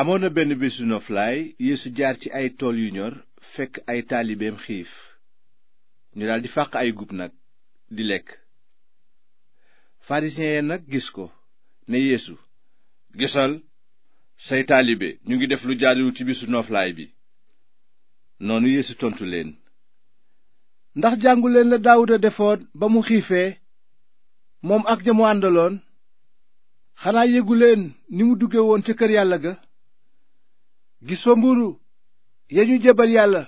amoon na benn bésu noflaay Yeesu jaar ci ay tool yu ñor fekk ay taalibeem xiif ñu di fàq ay gub nag di lekk farisiyen ya nag gis ko ne yéesu gisal say taalibe ñu ngi def lu jaaduwul ci bésu noflaay bi noonu Yeesu tontu leen ndax jànguleen la Daawuda defoon ba mu xiifee moom ak ña mu àndaloon xanaa yëguleen ni mu dugge woon ca kër yàlla ga gis fa mburu ya ñu jébbal yàlla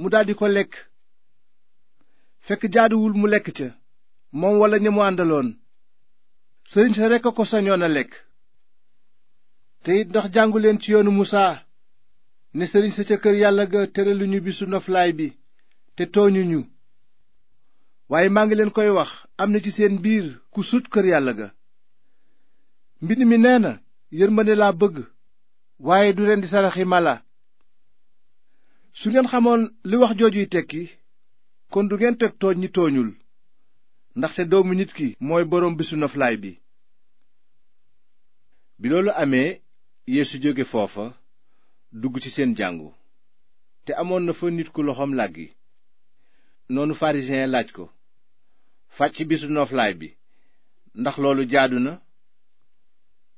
mu daldi ko lekk fekk jaaduwul mu lekk ca moom walla ña mu àndaloon sëriñ sa rekk a ko sañoon a lekk te it ndax jàngu leen ci yoonu musaa ne sëriñ sa ca kër yàlla ga tëraluñu bisu noflaay bi te tooñuñu waaye maa ngi leen koy wax am na ci seen biir ku sut kër yàlla ga mbind mi nee na yërmande laa bëgg waaye du rendi saraxi mala su ngeen xamoon li wax joojuy tekki kon du ngeen teg tooñ ñi tooñul ndaxte doomu nit ki mooy boroom bisu noflaay bi bi loolu amee yeesu jóge foofa dugg ci seen jàngu te amoon na fa nit ku loxoom làggi noonu pharisien laaj ko fàcc bisu noflaay bi ndax loolu jaadu na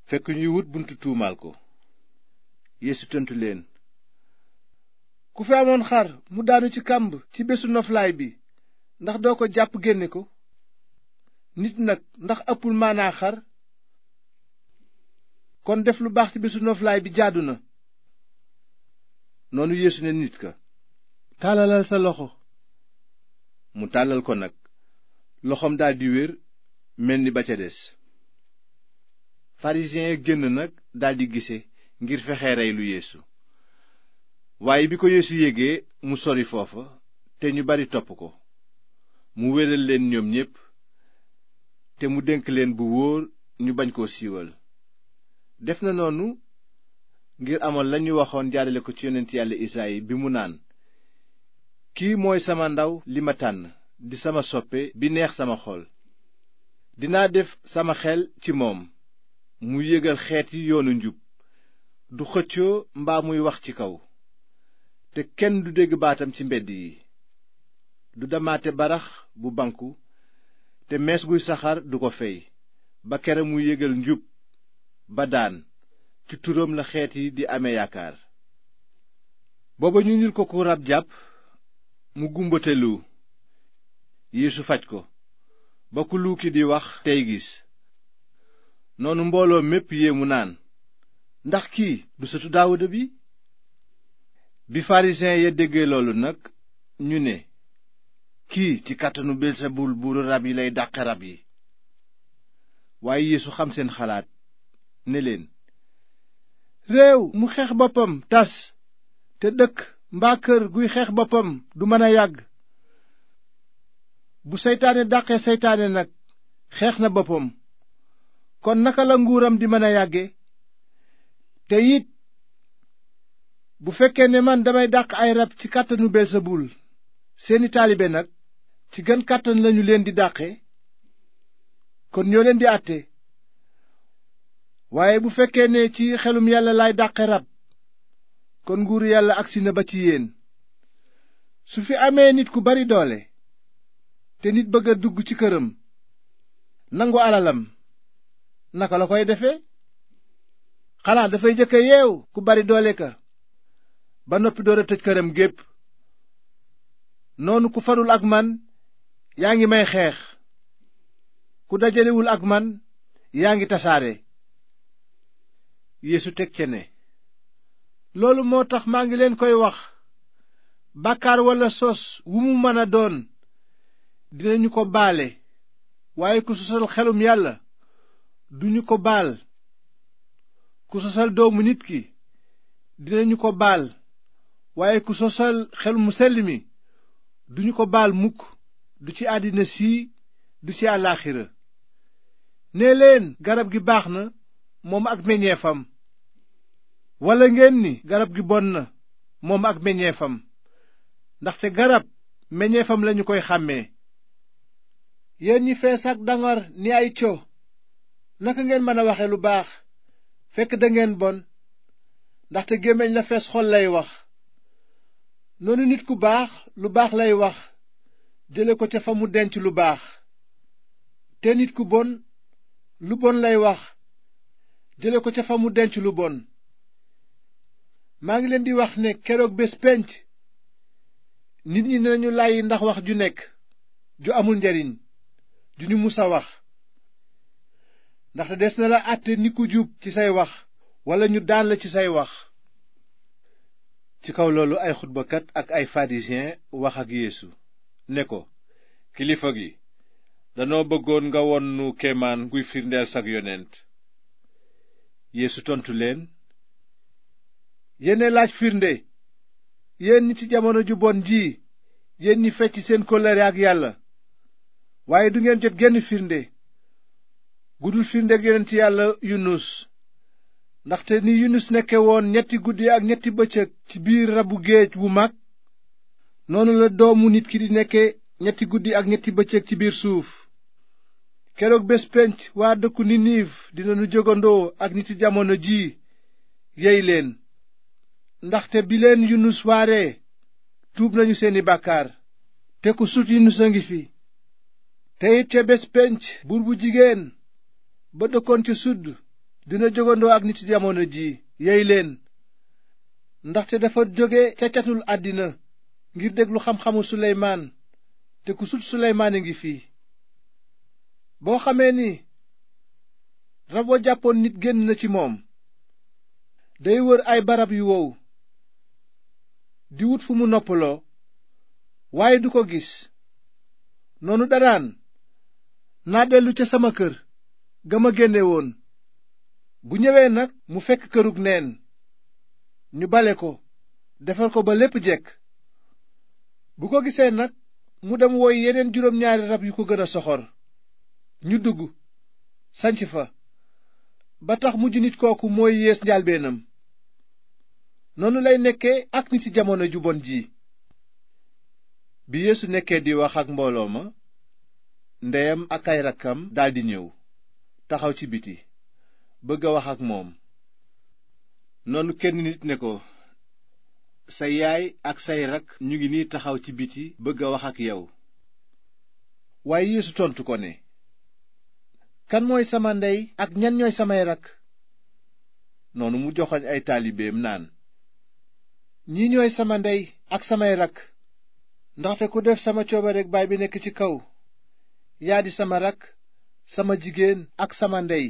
fekk ñuy wut buntu tuumaal ko yeesu tontu leen ku fi amoon xar mu daanu ci kàmb ci bésu noflaay bi ndax doo ko jàpp génne ko nit nag ndax ëppul maanaa xar kon def lu baax ci bésu noflaay bi jaadu na noonu yeesu ne nit ka tàllalal sa loxo mu tàllal ko nag loxoom daldi wér mel ni ba ca des farisiyen ya génn nag daldi gise ngir fexe rey lu waaye bi ko yeesu yégee mu sori foofa te ñu bari topp ko mu wéral leen ñoom ñépp te mu dénk leen bu wóor ñu bañ koo siiwal def na noonu ngir amal lañu waxoon jaarale ko ci yonent yàlla Isaayi bi mu naan kii mooy sama ndaw li ma tànn di sama soppe bi neex sama xol dinaa def sama xel ci moom mu yégal xeet yi yoonu njub du xëccoo mbaa muy wax ci kaw te kenn du dégg baatam ci mbedd yi du damaate barax bu banku te mees guy saxaar du ko fey ba kere mu yégal njub ba daan ci turam la xeet yi di ame yaakaar booba ñu nil ko ku rab jàpp mu gumbatelu yéesu faj ko ba ku luuki di wax tey gis noonu mbooloo mépp mu naan ndax kii du satu Daawuda bi bi farisiyen ya déggee loolu nag ñu ne kii ci kàttanu Belsebul buuru rab yi lay dàqe rab yi waaye Yeesu xam seen xalaat ne leen réew mu xeex boppam tas te dëkk mbaa kër guy xeex boppam du mën a yàgg bu seytaane dàqee seytaane nag xeex na boppam kon naka la nguuram di mën a yàgge te it bu fekkee ne man damay dàq ay rab ci kàttanu belsebul seeni taalibe nag ci gën kàttan lañu leen di dàqe kon ñoo leen di àtte waaye bu fekkee ne ci xelum yàlla lay dàqe rab kon nguur yàlla agsi na ba ci yéen su fi amee nit ku bari doole te nit bëgg dugg ci këram nangu alalam naka la koy defe xanaa dafay jëkk a yeew ku bari doole ka ba noppi door a tëj këram gépp noonu ku farul ak man yaa ngi may xeex ku dajalewul ak man yaa ngi tasaare yéesu teg ca ne loolu moo tax maa ngi leen koy wax bàkkaar walla sos wu mu mën a doon dinañu ko baale waaye ku sosal xelum yàlla duñu ko baal ku sosal doomu nit ki dinañu ko baal waaye ku sosal xel mu sell mi duñu ko baal mukk du ci àddina sii du ci àllaaxira nee leen garab gi baax na moom ak meññeefam walla ngeen ni garab gi bon na moom ak meññeefam ndaxte garab meññeefam lañu koy xàmmee yéen ñi fees ak dangar ni ay co naka ngeen mën a waxe lu baax fekk dangeen bon ndaxte gémmiñ la fees xol lay wax noonu nit ku baax lu baax lay wax jële ko ca fa mu denc lu baax te nit ku bon lu bon lay wax jële ko ca fa mu denc lu bon maa ngi leen di wax ne keroog bés penc nit ñi nañu làyyi ndax wax ju nekk ju amul njariñ ju ñu musa wax ndaxte des na la àtte ni ku jub ci say wax walla ñu daan la ci say wax ci kaw loolu ay xutbakat ak ay pharisien wax ak yéesu ne ko kilifa gi danoo bëggoon nga won nu kemaan guy firndeel sag yonent yeesu tontu leen yéene laaj firnde yéen ñi ci jamono ju bon ji yéen ñi fecc seen kóllëre ak yàlla waaye du ngeen jot genn firnde gudul firndeeg ci yàlla yunus ndaxte ni yunus nekke woon ñetti guddi ak ñetti bëccëg ci biir rabu géej wu mag noonu la doomu nit ki di nekke ñetti guddi ak ñetti bëccëg ci biir suuf keroog bés penc waa dëkku niniiv dinañu jógandoo ak nit ci jamono ji yey leen ndaxte bi leen yunus waaree tuub nañu seeni bàkkaar te ku sut yunus a ngi fi te ca bés penc buur bu jigéen ba dëkkoon ci sudd dina jógandoo ak nit jamono ji yey leen ndaxte dafa jóge ca catul àddina ngir déglu xam-xamu suleymaan te ku sut suleymaan a ngi fii boo xamee ni rab wa jàppoon nit génn na ci moom day wër ay barab yu wow di wut fu mu noppaloo waaye du ko gis noonu danaan naa dellu ca sama kër gama génne woon bu ñëwee nag mu fekk kërug neen ñu bale ko defar ko ba lépp jekk bu ko gisee nag mu dem woy yeneen juróom ñaari rab yu ko gën a soxor ñu dugg sanc fa ba tax mujj nit kooku mooy yées njaalbeenam noonu lay nekkee ak nit ci jamono ju bon ji bi Yeesu nekkee di wax ak mbooloo ma ndeyam ak ay rakkam daldi ñëw taxaw ci biti bëgg a wax ak moom noonu kenn nit ne ko sa yaay ak say rak ñu ngi nii taxaw ci biti bëgg a wax ak yow waaye Yeesu tontu ko ne kan mooy sama ndey ak ñan ñooy samay rakk noonu mu joxoñ ay taalibeem naan ñii ñooy sama ndey ak samay rak ndaxte ku def sama coobareek baay bi nekk ci kaw yaa di sama rakk sama jigéen ak sama ndey